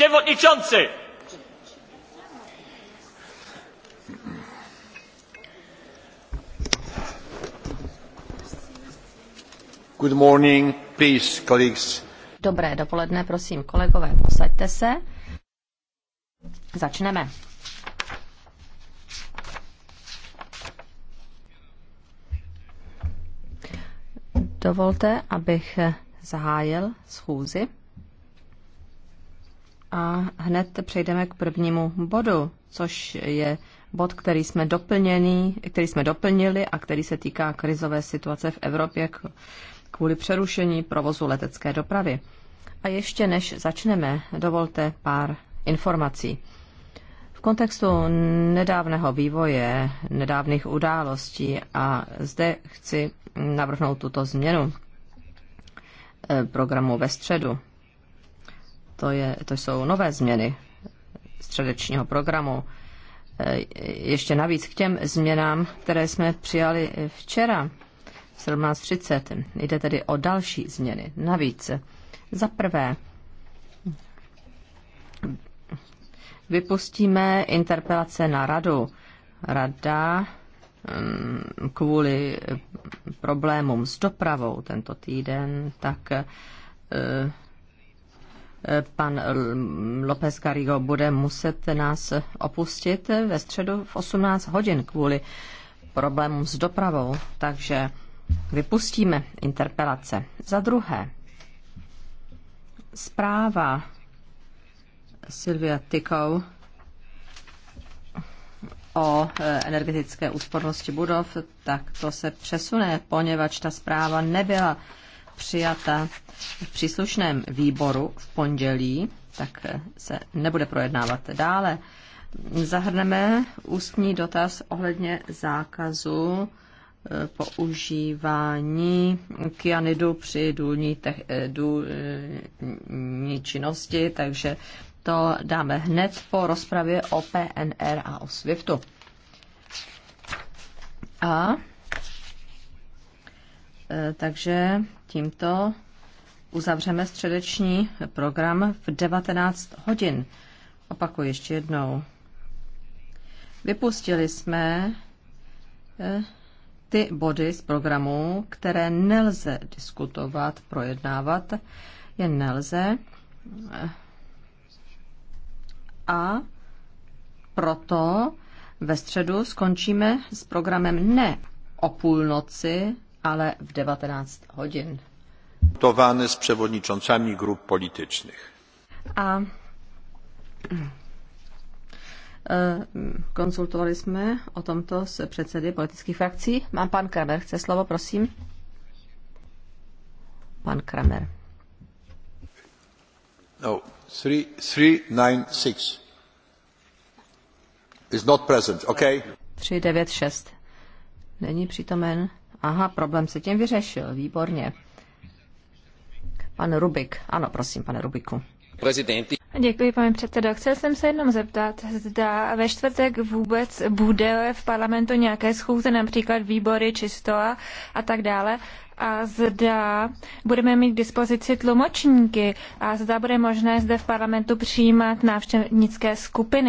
Przewodniczący! Good morning, peace, colleagues. Dobré dopoledne, prosím, kolegové, posaďte se. Začneme. Dovolte, abych zahájil schůzi. A hned přejdeme k prvnímu bodu, což je bod, který jsme, doplněný, který jsme doplnili a který se týká krizové situace v Evropě kvůli přerušení provozu letecké dopravy. A ještě než začneme, dovolte pár informací. V kontextu nedávného vývoje, nedávných událostí a zde chci navrhnout tuto změnu eh, programu ve středu to, je, to jsou nové změny středečního programu. E, ještě navíc k těm změnám, které jsme přijali včera v 17.30. Jde tedy o další změny. Navíc za prvé vypustíme interpelace na radu. Rada mm, kvůli problémům s dopravou tento týden, tak e, pan López Carigo bude muset nás opustit ve středu v 18 hodin kvůli problémům s dopravou, takže vypustíme interpelace. Za druhé, zpráva Silvia Tykou o e, energetické úspornosti budov, tak to se přesune, poněvadž ta zpráva nebyla přijata v příslušném výboru v pondělí, tak se nebude projednávat dále. Zahrneme ústní dotaz ohledně zákazu eh, používání kyanidu při důlní, te- eh, důlní činnosti, takže to dáme hned po rozpravě o PNR a o SWIFTu. A Eh, takže tímto uzavřeme středeční program v 19 hodin. Opakuji ještě jednou. Vypustili jsme eh, ty body z programu, které nelze diskutovat, projednávat, je nelze. Eh, a proto ve středu skončíme s programem ne o půlnoci, ale v 19 hodin. Dotowany s převodničoncami grup politycznych. A mm, eh, konsultovali jsme o tomto s předsedy politických frakcí. Mám pan Kramer, chce slovo, prosím. Pan Kramer. No, 396 is not present, okay? 396. Není přítomen. Aha, problém se tím vyřešil, výborně. Pan Rubik, ano, prosím, pane Rubiku. Prezidenti. Děkuji, pane předsedo. Chtěl jsem se jenom zeptat, zda ve čtvrtek vůbec bude v parlamentu nějaké schůze, například výbory čistoa a tak dále, a zda budeme mít k dispozici tlumočníky a zda bude možné zde v parlamentu přijímat návštěvnické skupiny.